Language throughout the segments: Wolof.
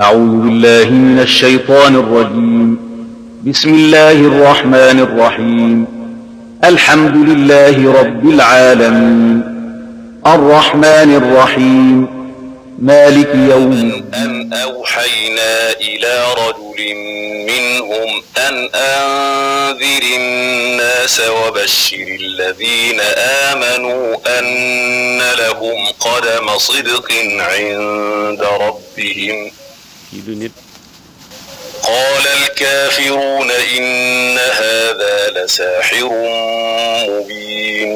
أعوذ بالله من الشيطان الرجيم بسم الله الرحمن الرحيم الحمد لله رب العالمين الرحمن الرحيم مالك يوم الدين أن أوحينا إلى رجل منهم أن أنذر الناس وبشر الذين آمنوا أن لهم قدم صدق عند ربهم kii du nit qaala alkaafiruuna inna haadaa la saaxirun mubiin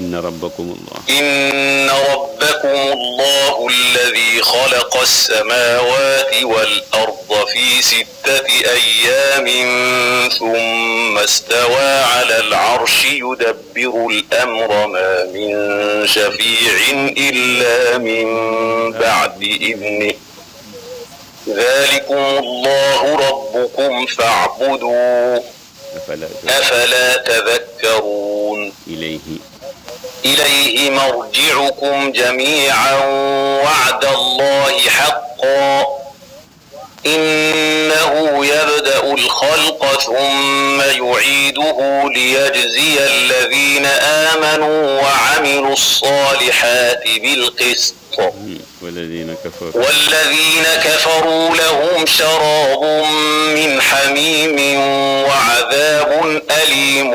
inna rabbakum allah inna rabbakum allahu alladi xalaqa alsamaawaati walarda fi sittati ayyaamin summa stawaa ala alarshi yudabbiru alamra maa min shafiicin illa min bacdi idnih ذلكم الله ربكم فاعبدوه أفلا تذكرون إليه إليه مرجعكم جميعا وعد الله حقا إن أنه يبدأ الخلق ثم يعيده ليجزي الذين آمنوا وعملوا الصالحات بالقسط والذين كفروا والذين كفروا لهم شراب من حميم وعذاب أليم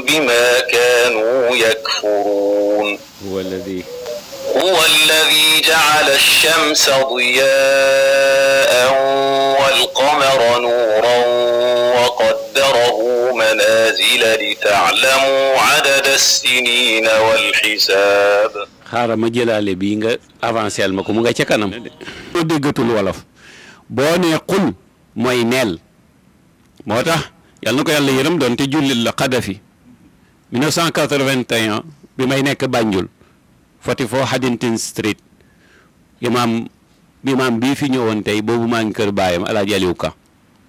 بما كانوا يكفرون هو الذي هو الذي جعل الشمس ضياء والقمر نورا وقدره منازل لتعلموا عدد السنين والحساب xaaral ma jëlaale bii nga avancé ma ko mu nga ca kanam boo déggatul wolof boo nee xul mooy neel moo tax yàlla na ko yàlla yërëm doon te jullit la Xadafi 1981 bi may nekk Banjul 44 Haddington Street imaam imaam bii fi ñëwoon tey boobu maa ngi kër baayam Alaaji Aliou Ka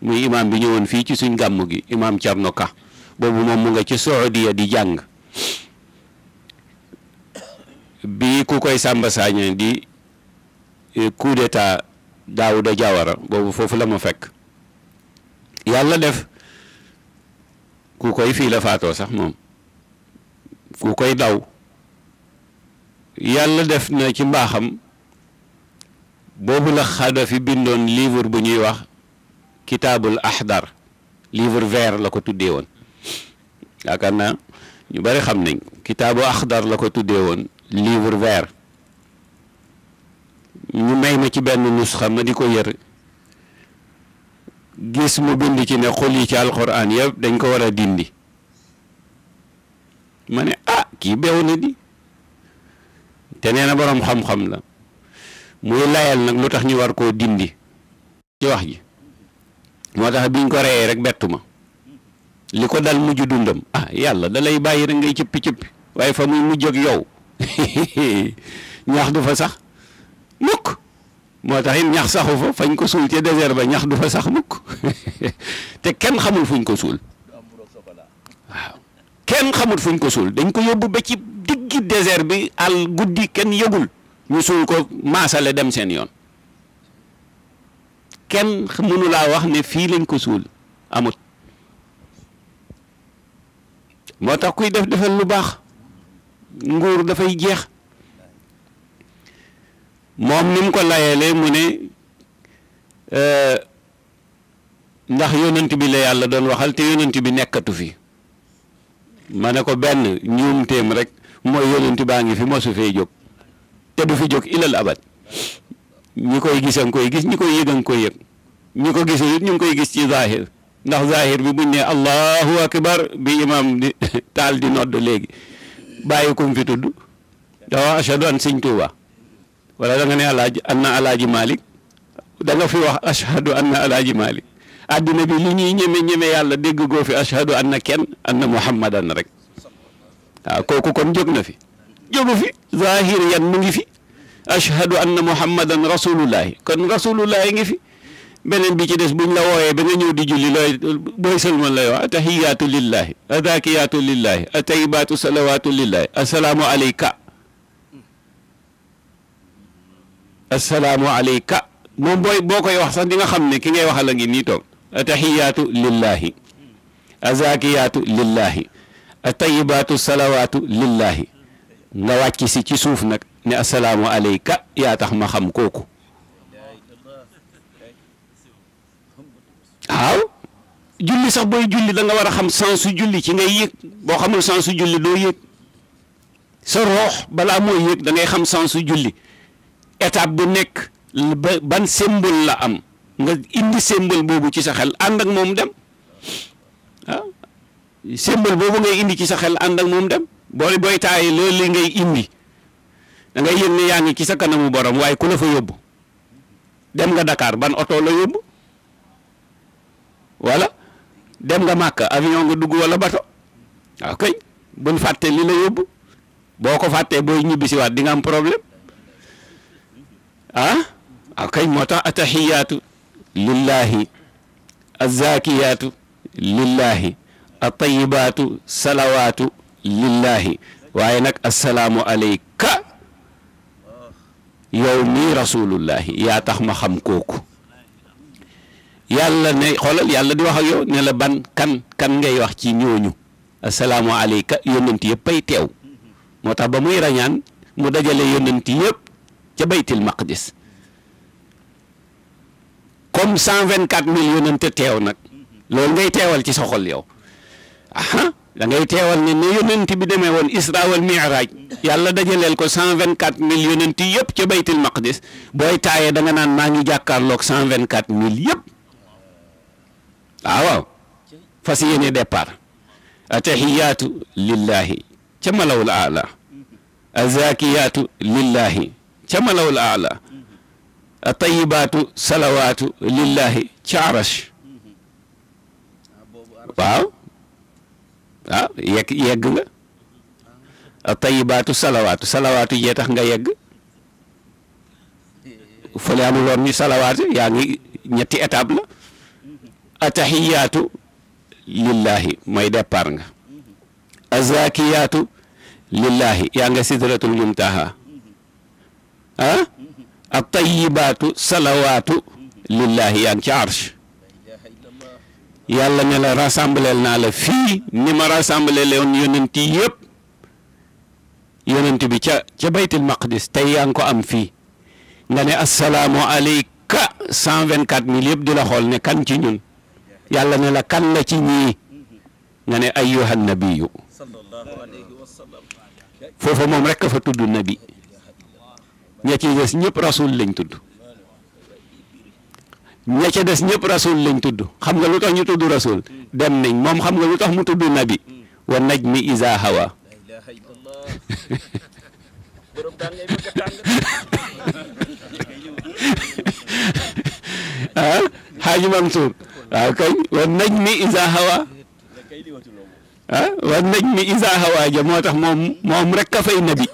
muy imaam bi ñëwoon fii ci suñ gàmm gi imaam Thierno Ka boobu moom mu nga ci Saudiya di jàng bi ku koy Samba Sagne di e, coup d'état Daouda Diawara boobu foofu la mu fekk yàlla def ku koy fii la faatoo sax moom ku koy daw yàlla def na ci mbaaxam boobu la Xadafi bindoon livre bu ñuy wax kitaabul ahdar livre vert la ko tuddee woon yaakaar naa ñu bari xam nañ kitaabu la ko tuddee woon livre vert ñu may ma ci benn nusxa ma di ko yër gis mu bind ci ne xol yi ci alquran yëpp dañ ko war a dindi ma ne ah kii beew na di te nee na boroom xam-xam la muy layal nag lu tax ñu war koo dindi ci wax ji moo tax biñ ko reyee rek bettu ma li ko dal mujj dundam ah yàlla da lay bàyyi rek ngay cëppi cëppi waaye fa muy mujj ak yow ñax du fa sax mukk moo tax it ñax saxu fa fañ ko suul ca désert ba ñax du fa sax mukk te kenn xamul fuñ ko suul kenn xamut fuñ ko suul dañ ko yóbbu ba ci diggi désert bi àll guddi kenn yëgul ñu suul ko maasale dem seen yoon kenn mënu laa wax ne fii lañ ko suul amut moo tax kuy def defal lu baax nguur dafay jeex moom ni mu ko layeele mu ne euh, ndax yonent bi la yàlla doon waxal te yonent bi nekkatu fi ma ne ko benn ñoom téem rek mooy yonent baa ngi fi mosu fee jóg te du fi jóg ilal abad ñi koy gis a koy gis ñi koy yëg a ngi koy yëg ñi ko gisee it ñu ngi koy gis ci zahir ndax zahir bi buñ ne allahu akbar bi imam di taal di nodd léegi bàyyi ko fi tudd dawa ashhadu an sëñ Tuuba wala da nga ne alaaji anna alaaji nga fi wax ashhadu anna alaaji Malik àddina bi li ñuy ñeme ñeme yàlla dégg goo fi ashhadu anna kenn anna muhammadan rek waaw kooku kon jóg na fi jógu fi zahir yan mu ngi fi ashhadu anna muhammadan rasulullahi kon rasulullahi ngi fi beneen bi ci des buñ la wooyee ba nga ñëw di julli looy booy sëlmal lay wax atahiyaatu lillahi adakiyaatu lillahi atayibaatu salawaatu lillahi asalaamu aleyka asalaamu aleyka moom booy boo koy wax sax di nga xam ne ki ngay waxal a ngi nii toog ataxiyaatu lillaahi azakiyaatu lillaahi atayibaatu salawaatu lillaahi nga wàcc si ci suuf nag ne asalaamu aleyka yaa tax ma xam kooku waaw julli sax booy julli danga war a xam sensu julli ci ngay yëg boo xamul sensu julli doo yëg sa roox balaa mooy yëg da xam sensu julli étape bu nekk ban symbole la am nga indi symbole boobu ci sa xel ànd ak moom dem ah boobu ngay indi ci sa xel ànd ak moom dem booy booy taayi loolu ngay indi dangay ngay yëg yaa ngi ci sa kanamu borom waaye ku la fa yóbbu dem nga Dakar ban oto la yóbbu wala dem nga màkk avion nga dugg wala bato waaw ah, kay buñ fàtte li la yóbbu boo ko fàttee booy ñibbisiwaat di nga am problème ah. akay ah, moo tax ataxiyaatu lillaahi azaakiyaatu lillaahi atayibaatu salawaatu lillaahi waaye nag assalaamu aleyka yow mii rasulullahi yaa tax ma xam kooku yàlla ne xoolal yàlla di wax yow ne la ban kan kan ngay wax ci ñooñu assalaamu aleyka yónnent yëpp ay teew moo tax ba muy rañaan mu dajale yónnent yëpp ca baytil maqdis comme cent vingt quatre mille yonente teew nag loolu ngay teewal ci sa xol yow aha da ngay teewal ne ne yonent bi demee woon isra wal miraaj yàlla dajaleel ko cent vingt quatre mille yonent yëpp ca baytil maqdis booy taayee da naan maa ngi jàkkaarloog cent vingt quatre mille yëpp waaw fas yéene départ atahiyaatu lillahi ca malawul aala azakiyaatu lillahi ca malawul aala tayibaatu salawaatu lillahi ci waaw waaw yegg yegg nga tayibaatu salawaatu salawaatu jee tax nga yegg fële amuloon ñu salawaatu yaa ngi ñetti étape la atahiyaatu lillahi mooy départ nga azakiyaatu lillahi yaa nga sidratul muntaha ah at tayibaatu salawaatu lillahi yaa ngi ci arsh yàlla ne la rassemblé naa la fii ni ma rassemblé leen yonent yëpp yonent bi ca ca baytul maqdis tey yaa ngi ko am fii nga ne asalaamu aleyka cent vingt quatre di la xool ne kan ci ñun yàlla ne la kan la ci ñii nga ne ayyuhan nabiyu foofu moom rekk fa tudd nabi ña des ñëpp rasul lañ tudd ña des ñëpp rasul lañ tudd xam nga lu tax ñu tudd rasul dem moom xam nga lu tax mu tudd nabi wa najmi iza hawa ah Xaaji Mansuur waaw ah, kañ wa najmi iza hawa ah moo tax moom moom rek ka fay nabi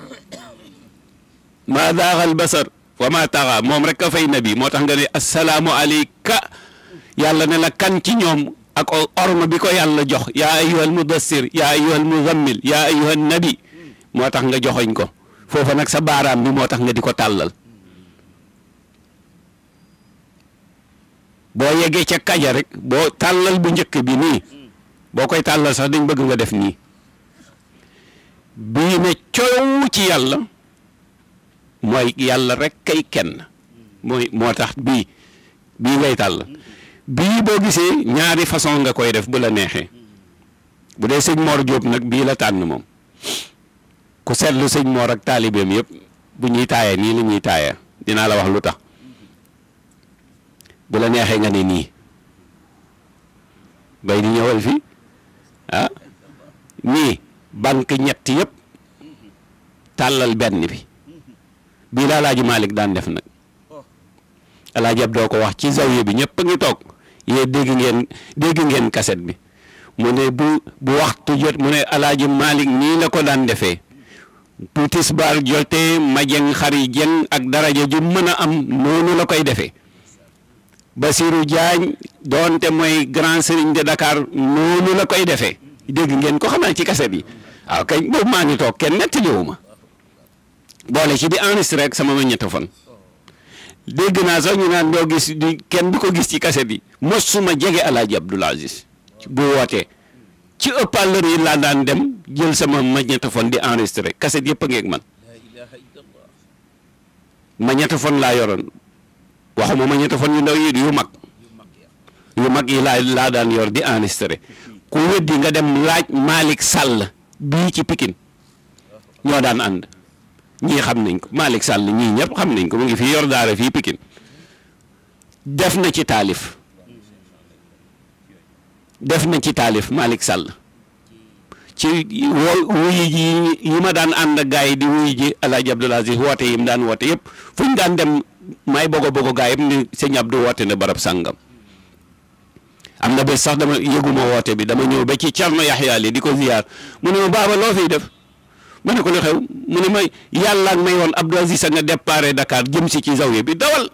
maa daaxal basar wa maa taxa moom rek a fay nabi moo tax nga ne assalaamu alayka yàlla ne la kan ci ñoom ak orma bi ko yàlla jox yaa ayyuhal mudassir yaa ayyuhal muzammil yaa ayyuhan nabi moo tax nga joxoñ ko foofa nag sa baaraam bi moo tax nga di ko tàllal boo yeggee ca kaja rek boo tàllal bu njëkk bi nii boo koy tàllal sax dañ bëgg nga def nii bii ne coow ci yàlla mooy yàlla rek kay kenn mooy moo tax bii bii ngay tàll bii boo gisee ñaari façon nga koy def bu la neexee bu dee sëñ moor Diop nag bii la tànn moom ku seetlu sëñ moor ak taalibeem yépp bu ñuy taaya nii la ñuy taaya dinaa la wax lu tax bu la neexee nga ne nii bay di ñëwal fii ah nii banque ñett yëpp tàllal benn bi bii la alaaji Malick daan def nag alaaji ab doo ko wax ci zawiya bi ñëpp a ngi toog yee dégg ngeen dégg ngeen kaset bi mu ne bu bu waxtu jot mu ne alaaji Malick nii la ko daan defee bu tisbaar jotee majeng xari jeng ak daraja ju mën a am noonu la koy defee Basirou Diagne doonte mooy grand sëriñ de Dakar noonu la koy defee dégg ngeen ko xanaa ci kaset bi waaw ah, kañ boobu maa ngi toog kenn nettaliwu ma boole ci di enregistré rek sama ma magnétophone dégg naa sax ñu naan doo gis kenn du ko gis ci kaset yi mosuma jege Alaaji Abdoul Aziz bu wootee ci ëppaleur yi laa daan dem jël sama magnétophone di enregistré kaset yëpp a ngeeg man magnétophone laa yoroon waxuma magnétophone yu ndaw yi yu mag yu mag yi laa laa daan yor di enregistré ku weddi nga dem laaj Malick Sall bii ci pikin ñoo daan ànd ñii xam nañ ko Malick Sall ñii ñëpp xam nañ ko mu ngi fi yor daara fii Pikine def na ci taalif def na ci taalif Malick Sall ci woo wuyu yi ma daan ànd ak gaa yi di wuyu ji El Hadj Aziz woote yi mu daan woote yëpp fu ñu daan dem may bogo bogo gaa yëpp ni sëñ Abdou woote na barab sàngam am na bés sax dama yëguma woote bi dama ñëw ba ci Thierno Yaxya li di ko ziyaar mu ne ma baaba loo fiy def. ma ne ko lu xew mu ne may yàlla may woon ab Aziz a nga déparé Dakar jëm si ci zawiya bi dawal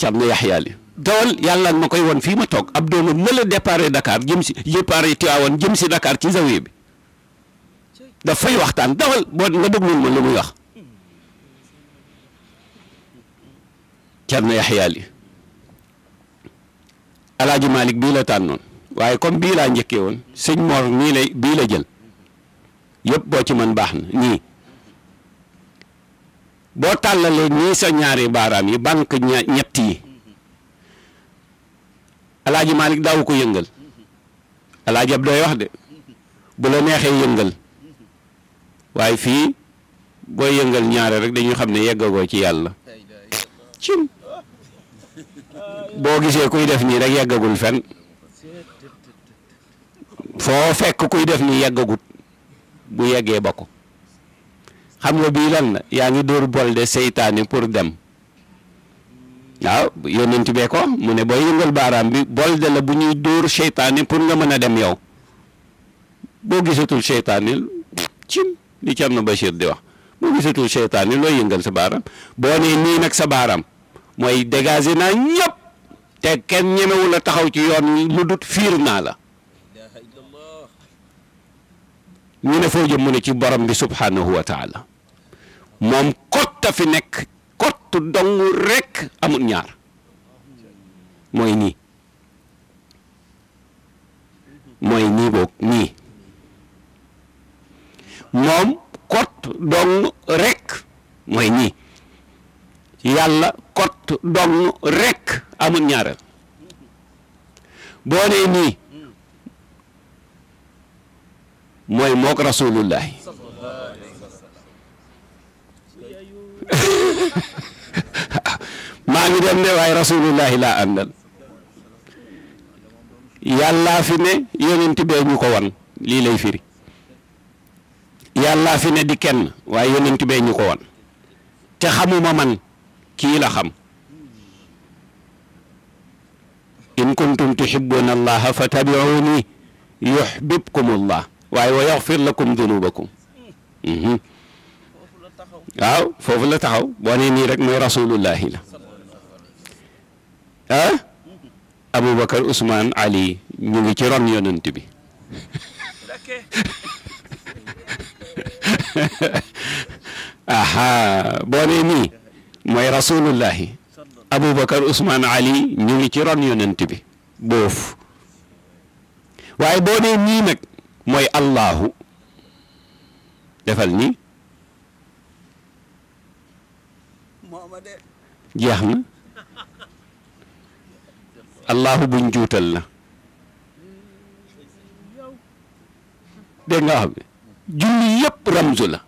càm na yaxyaa li dawal yàlla ma koy woon fii ma toog ab dooma mëla déparé Dakar jëm si déparé Tiwaawan jëm si Dakar ci zawiya bi dafay waxtaan dawal boo nga déglul ma lu muy wax càm na yaxyaa li Malik bii la tànnoon waaye comme bii laa njëkkee woon sëñ Mor mii lay bii la jël yëpp boo ci mën baax na ñii boo tàllalee nii sa ñaari baaraam yi banque ñett yi alaaji Malick daawu ko yëngal alaaji ab doy wax de bu la neexee yëngal waaye fii booy yëngal ñaare rek dañu xam ne yeggagoo ci yàlla cim boo gisee kuy def nii rek yeggagul fen foo fekk kuy def ni yeggagut bu yeggee ba ko xam nga bii lan la yaa ngi dóor bolde seytaani pour dem waaw yónnent bee ko mu ne booy yëngal baaraam bi bolde la bu ñuy dóor seytaani pour nga mën a dem yow boo gisatul seytaane cim li ci am na Bachir di wax boo gisatul seytaane looy yëngal sa baaraam boo nee nii nag sa baaraam mooy dégage naa ñëpp te kenn ñemewu la taxaw ci yoon lu dut fiir naa la ñu ne foo jëm mu ne ci borom bi subhanahu wa taala moom kotta fi nekk kott dong rek amul ñaar mooy nii mooy nii boog nii moom kott dong rek mooy nii yàlla kott dong rek amul ñaareel boo nee nii mooy mook rasulullahi maa ngi dem de waaye rasulullahi laa àndal yàllaa fi ne yonent bee ñu ko wan lii lay firi yàllaa fi ne di kenn waaye yonent bee ñu ko wan te xamuma man kii la xam in kuntum tuhibbuna allaha fattabi'uni yuhbibkumullah waaye wa yaxfir lakum dunubakum mhm. waaw foofu la taxaw boo nee nii rek mooy rasulullahi la ah Aboubacar Ousmane Ali ñu ngi ci ron yonent bi aha boo mooy rasulullahi Aboubacar Ousmane Ali ñu ngi ci ron yonent bi mooy allahu defal ni jeex na allahu buñ juutal la dégg nga xam ne julli yëpp la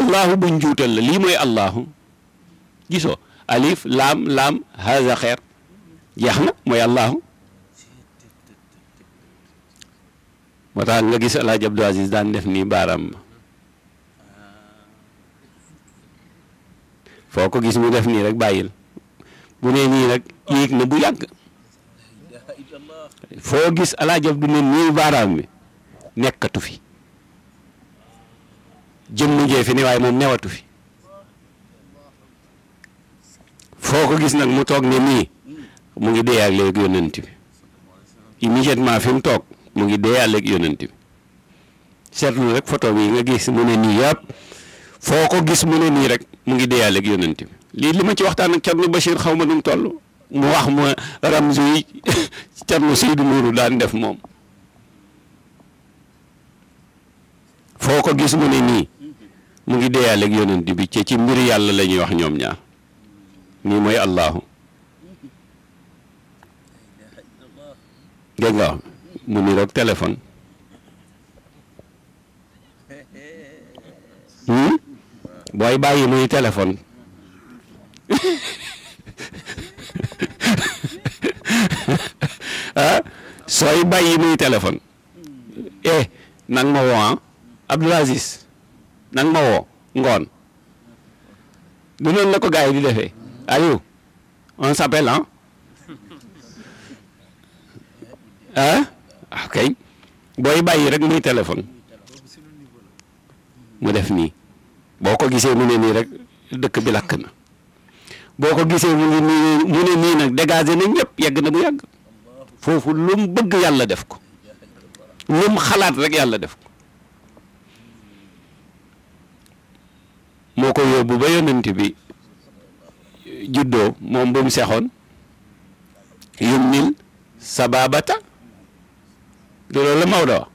allahu buñ juutal la lii mooy allahu gisoo alif laam laam haza xeer jeex na mooy allahu moo tax nga gis Alaaji Abdou Aziz daan def nii baaraam foo ko gis mu def nii rek bàyyil bu nee nii rek yéeg na bu yàgg foo gis Alaaji Abdou ne nii baaraam bi nekkatu fi jëmm jee fi ne waaye moom newatu fi foo ko gis nag mu toog ne nii mu ngi dee ak léegi yonent bi immédiatement fi mu toog. mu ngi deeyaale ak yonent bi seetlu rek photo bi nga gis mu ne nii yàpp foo ko gis mu ne nii rek mu ngi deeyaale ak yonent bi lii li ma ci waxtaan ak Thierno Bachir xaw ma nu mu toll mu wax ma ramzu yi Thierno Seydou Nourou daan def moom foo ko gis mu ne nii mu ngi deeyaale ak yonent bi ci ci mbir yàlla la ñuy wax ñoom ñaar nii mooy Allahu dégg nga mu niroog téléphone hmm? booy bàyyi muy téléphone ah sooy bàyyi muy téléphone eh nang ma woo ah Abdoul nang ma woo ngoon du noonu la ko gars di defee Aliou on s'appelle ah, ah? ok ah, booy bàyyi rek muy téléphone mu def nii boo ko gisee mu ne nii rek dëkk bi lakk na boo ko gisee mu ne nii nag dégagé na ñëpp yegg na bu yàgg foofu lu bëgg yàlla def ko xalaat rek yàlla def ko moo ko yóbbu ba yonent bi juddoo moom bu sexoon yummil sababata du loolu la Maodo wax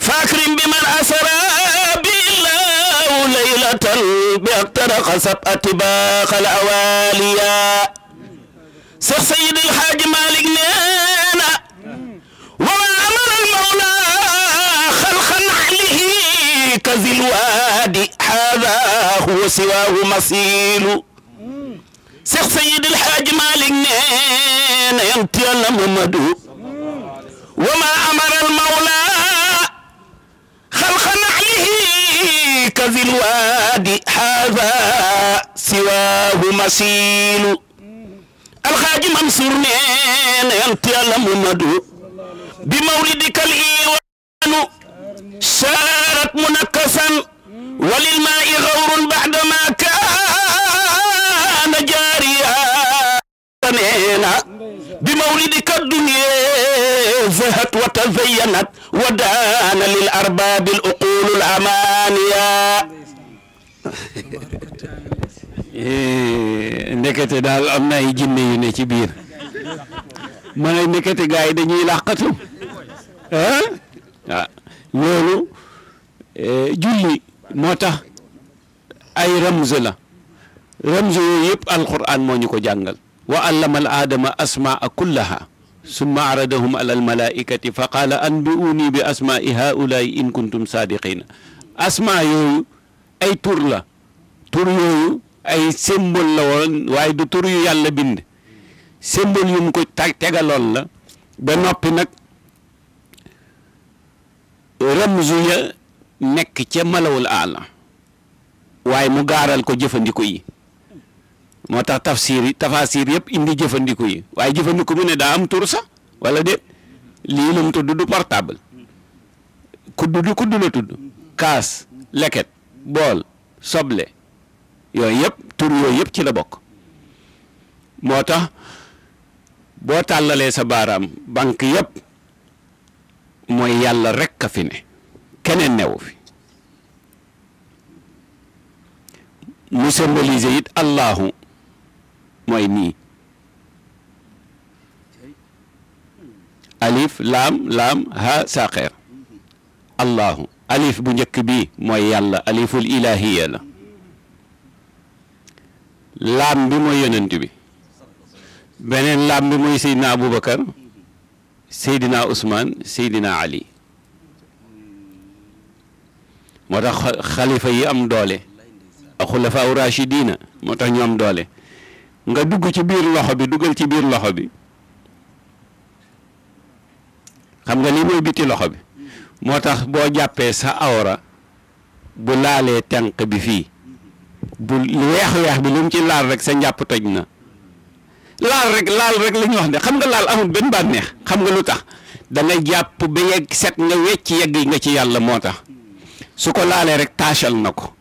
فاكرم بمن أسرى بالله ليلة باقترق سبعة باق الأواليا سيخ سيد الحاج مالك نانا ومن أمر المولى خلقا عليه كذي الوادي هذا هو سواه مصيل سيخ سيد الحاج مالك نانا يمتي محمد wa ma amaral mawla xalqa naxlihi ka zil waadi haada siwaahu masiilu alxaaji Mansuur nee na yant yàlla Muhammadu bi mawlidikal iiwaanu saarat munakkasan walil maa i xawrun baada maa kaa ba nee na bi zahat wa tazayyanat wa daana lil arbaabil uqulul amaaniya eh, ndekete daal am na jinne yu ne ci biir ma ne ndekete gars yi dañuy làqatu eh? ah, loolu eh, julli moo tax ay ramz la ramz yooyu yëpp alquran moo ñu ko jàngal wa allama al aadama asmaa kullaha summa aradahum ala al malaikati fa qaala anbi'uuni bi asmaai haulaai in kuntum saadiqina asmaa yooyu ay tur la tur yooyu ay symbole la woon waaye du tur yu yàlla bind symbole yu mu ko tegaloon la ba noppi nag ramzu ya nekk ca malawul aala waaye mu gaaral ko jëfandiku yi moo tax tafsir yi tafasir yëpp indi jëfandiku yi waaye jëfandiku bi ne daa am tur sax wala déet lii la mu tudd du portable kuddu du kuddu la tudd kaas leket bool soble yooyu yëpp tur yooyu yëpp ci la bokk moo tax boo tàllalee sa baaraam banque yëpp mooy yàlla rekk a fi ne keneen newu fi mu symboliser it allahu mooy nii alif laam laam ha saqeer allahu alif bu njëkk bi mooy yàlla aliful ilahiya la laam bi mooy yonent bi beneen laam bi mooy seydina aboubacar seydina ousmane seydina ali moo tax xalifa yi am doole a xulafa u rachidina moo tax ñu am doole nga dugg ci biir loxo bi dugal ci biir loxo bi xam nga lii mooy biti loxo bi moo tax boo jàppee sa awra bu laalee tenq bi fii bu weex-weex bi lu mu ci laal rek sa njàpp toj na laal rek laal rek la wax ne xam nga laal amul benn bànneex xam nga lu tax da jàpp ba yegg set nga wecc yegg nga ci yàlla moo tax su ko laalee rek taachal na ko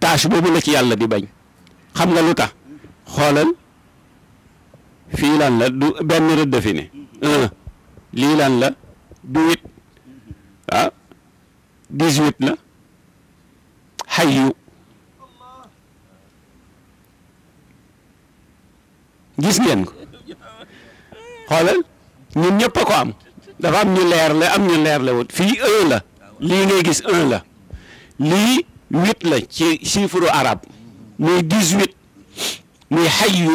taache boobu la ci yàlla di bañ xam nga lu tax xoolal fii lan la du benn rëdd fi ne un lii lan la du huit ah dix-huit la xayyu gis ngeen ko xoolal ñun ñëpp ko am dafa am ñu leer la am ñu leer la wut fii un la lii ngay gis un la lii huit la ci chiffre arabe muy dix-huit muy xayu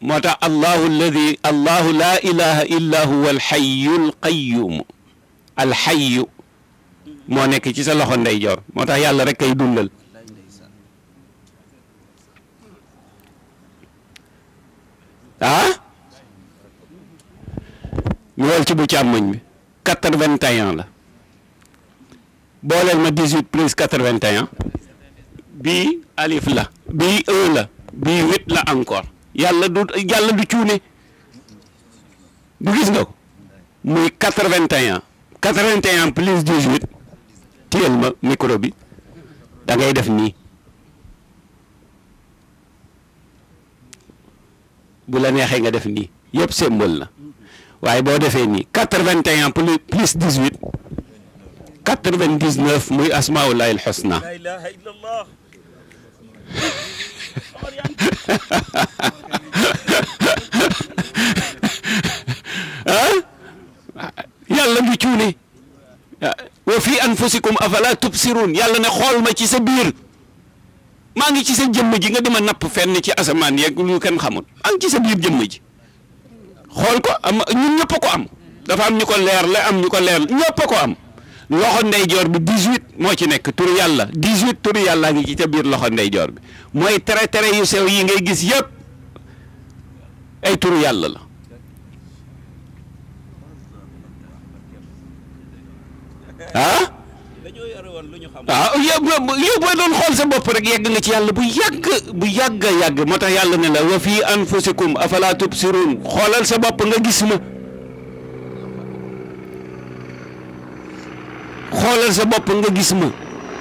moo tax allahu alladi allahu laa illa huwa alxayu alqayumu alxayu moo nekk ci sa loxo ndeyjoor moo tax yàlla rek ay dundal ah ñu wol ci bu càmmoñ bi quatre-vingt-un la booleel ma dix-huit plus quatre-vingt-un bii alif la bii un e la bii huit la encore yàlla du yàlla du cuune du gis nga ko muy quatre vingt et un quatre vingt et un plus dix huit téyel ma micro bi da ngay def nii bu la neexee nga def nii yëpp symbole la waaye boo defee nii quatre vingt et un plus plus dix huit quatre vingt dix neuf muy asmaulahil husna ah yàlla mu cuune wa fi anfusikum afala tubsirun yàlla ne xool ma ci sa biir maa ngi ci sa jëmm ji nga dima napp fenn ci asamaan yeeg lu kenn xamul maa ci sa biir jëmm ji xool ko am ñun ñëpp ko am dafa am ñu ko leer am ñu ko leer ñëpp ko am loxo ndeyjoor bi 18 moo ci nekk turu yàlla 18 turu yàlla ngi ci ca biir loxo ndeyjoor bi mooy tere tere yu sew yi ngay gis yëpp ay turu yàlla la ah waaw yow boo doon xool sa bopp rek yegg nga ci yàlla bu yàgg bu yàgg a yàgg moo tax yàlla ne la wa fii anfusikum afala tubsirun xoolal sa bopp nga gis ma xoolal sa bopp nga gis ma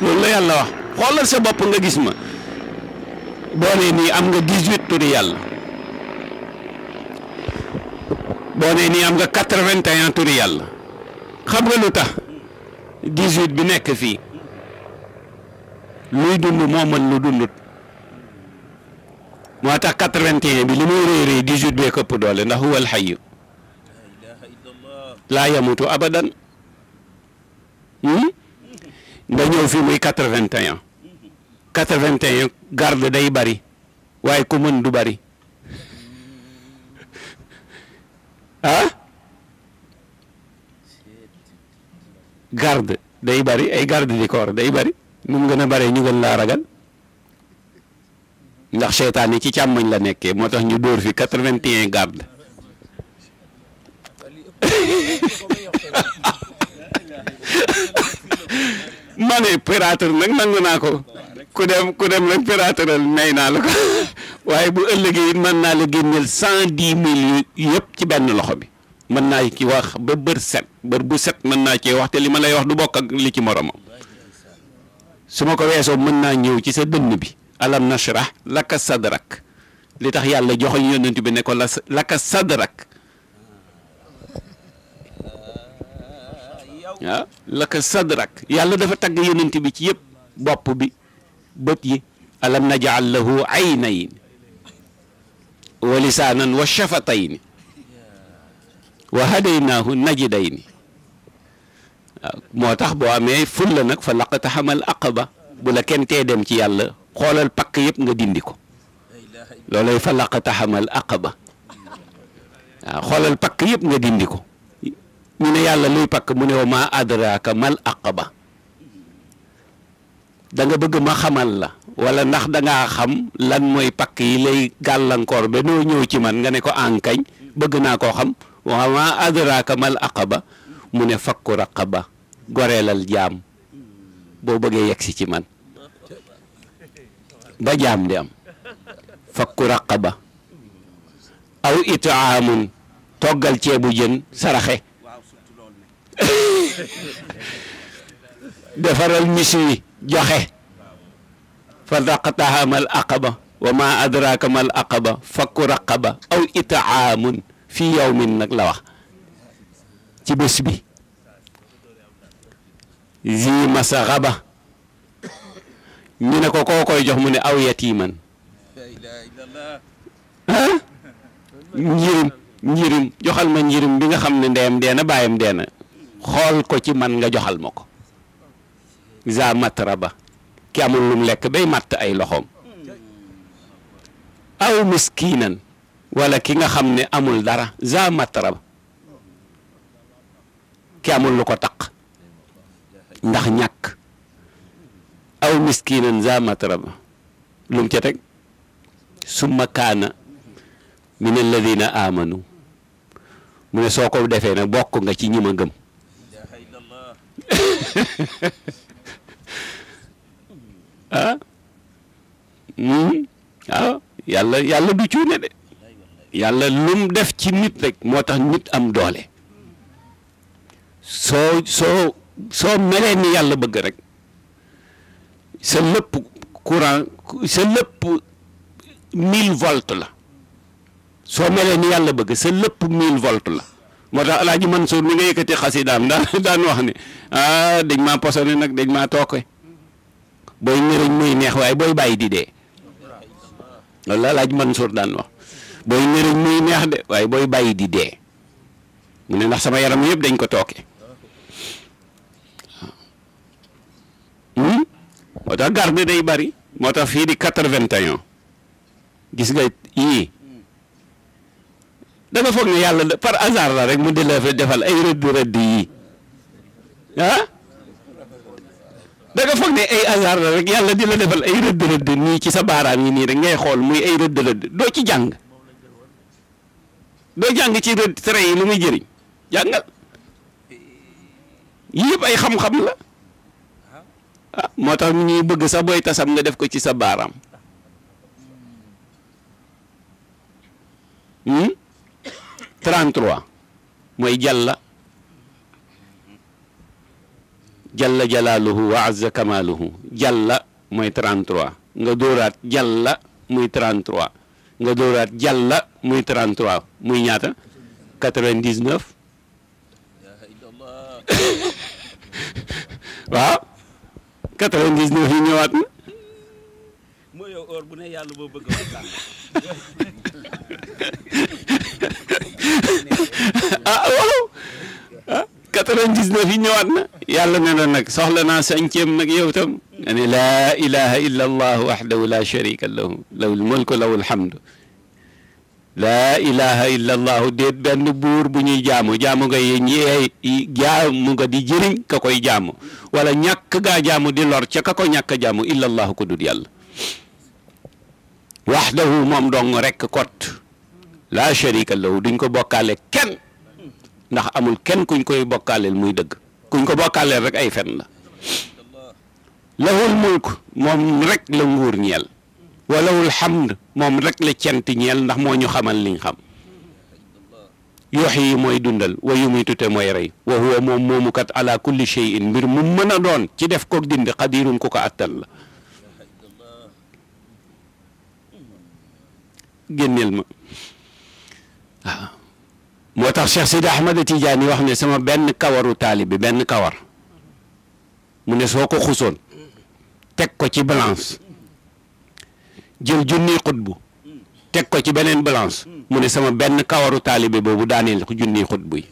loolu la yàlla wax xoolal sa bopp nga gis ma boo nee nii am nga 18 turi yàlla boo nee nii am nga 81 turi yàlla xam nga lu tax 18 bi nekk fii luy dund moo man lu dundut moo tax 81 bi li muy rëy rëy 18 bee këpp doole ndax huwa alxayu laa yamutu abadan Hmm? nga ñëw fii muy quatre vingt et un quatre vingt et un garde day bari waaye ku mën du bari ah garde day bari ay garde di corps day bari nu mu gën a baree ñu gën laa ragal ndax seytaan yi ci càmmoñ la nekkee moo tax ñu dóor fi quatre vingt et un garde ma ne pérateur nag nangu naa ko ku dem ku dem nag pérateural may naa la ko waaye bu ëllëgee it mën naa la génneel cent dix mille yëpp ci benn loxo bi mën naa ki wax ba bër set bër bu set mën naa cee wax te li ma lay wax du bokk ak li ci moromam su ma ko weesoo mën naa ñëw ci sa dënn bi alam nashrah lakka sadrak li tax yàlla joxoñ yonent bi ne ko la laka sadrak waaw ah, laka sadrak yàlla dafa tagg yonent bi ci yëpp bopp bi bët yi alam najal lahu aynayn wa lisaanan wa shafatayn wa hadaynaahu najdayn waaw ah, moo tax boo amee fulla nag fa laqtahamal aqaba bu la kenn tee dem ci yàlla xoolal pakk yëpp nga dindi ko loolay fa laqtahamal aqaba waaw ah, xoolal pakk yëpp nga dindi ko mu ne yàlla luy pakk mu ne wa maa adraaka mal aqaba danga bëgg ma xamal la wala ndax danga xam lan mooy pakk yi lay gàllankoor ba noo ñëw ci man nga ne ko ankañ bëgg naa koo xam wa maa adraaka mal aqaba mu ne fakku raqaba goreelal jaam boo bëggee yegg si ci man ba jaam di am fakku raqaba aw itaamun toggal ceebu jën saraxe defaral misri joxe fa daqataha mal aqaba wa ma adraka mal aqaba fakku raqaba aw itaamun fii yawmin nag la wax ci bés bi zi masaxaba ñu ne ko koo koy jox mu ne aw yatiman ah njirim njirim joxal ma njirim bi nga xam ne ndeyam deena bàyyam deena xool ko ci man nga joxal ma ko za matraba ki amul lum lekk day matt ay loxoom aw miskinan walla ki nga xam ne amul dara za matraba ki amul lu ko taq ndax ñàkk aw miskinan za matraba lum ca teg summa kaana min alladina amanu mu ne soo ko defee nag bokk nga ci ñi gëm Ah? Hmm? ah yàlla yàlla du cuune de yàlla lum def ci nit rek moo tax nit am doole soo soo soo melee yàlla bëgg rek sa lépp courant sa lépp mille volts la soo melee ni yàlla bëgg sa lëpp mille volts la moo tax man Mansour mi nga yëkkati xasidaam daan daan wax ne ah, dañ maa posone nag dañ maa tooke booy nërëñ muy neex waaye booy bàyyi di dee loolu la alaaji Mansour daan wax booy nërëñ muy neex waaye booy bàyyi di dee mu ne ndax sama yaram yëpp dañ ko tooke hmm? moo tax garde day bari moo tax fii di quatre-vingt-un gis nga yii danga foog na yàlla par hasard la rek mu di la defal ay rëdd rëdd yii ah danga foog ne ay hasard la rek yàlla di la defal ay rëdd rëdd nii ci sa baaraam yi nii rek ngay xool muy ay rëdd rëdd doo ci jàng doo jàng ci rëdd tere yi lu muy jëriñ jàngal yii yëpp ay xam-xam la ah moo tax ñuy bëgg sa booy tasam nga def ko ci sa baaraam. 33 mooy jàlla jàlla jalaaluhu wa azza mooy 33 nga dóoraat jàlla muy 33 nga dóoraat muy 33 muy ñaata 99 waaw yi ñëwaat na ah waaw ah 99 yi ñëwaat na yàlla nag soxla naa cinquième nag yow tam nga ne laa ilaha la sharika lahu lahu lmulku lahu lhamdu laa ilaha illa allahu buur bu ñuy jaamu jaamu nga ñeey jaamu nga di jëriñ ka koy jaamu wala ñàkk gaa jaamu di lor ka ko ñàkk jaamu illa allahu ko dul yàlla waxdahu moom dong rekk kot laa sharika lahu duñ ko bokkaale kenn ndax amul kenn kuñ koy bokkaaleel muy dëgg kuñ ko bokkaaleel rek ay fen la lahul mulk moom rek la nguur ñeel wa lahul hamd moom rek la cant ñeel ndax moo ñu xamal liñ xam yuhyi mooy dundal wa yumiitu te mooy rey wa huwa moom moomu kat ala kulli shay'in mbir mu mën a doon ci def ko dindi xadirun ku ko attan la génneel ma waaw moo tax Cheikh Sidi Ahmad Tidiane wax ne sama benn kawaru taalibe benn kawar mu ne soo ko xusoon teg ko ci balance jël junniy xutbu teg ko ci beneen balance mu ne sama benn kawaru taalibe boobu daaneel junni xutbu yi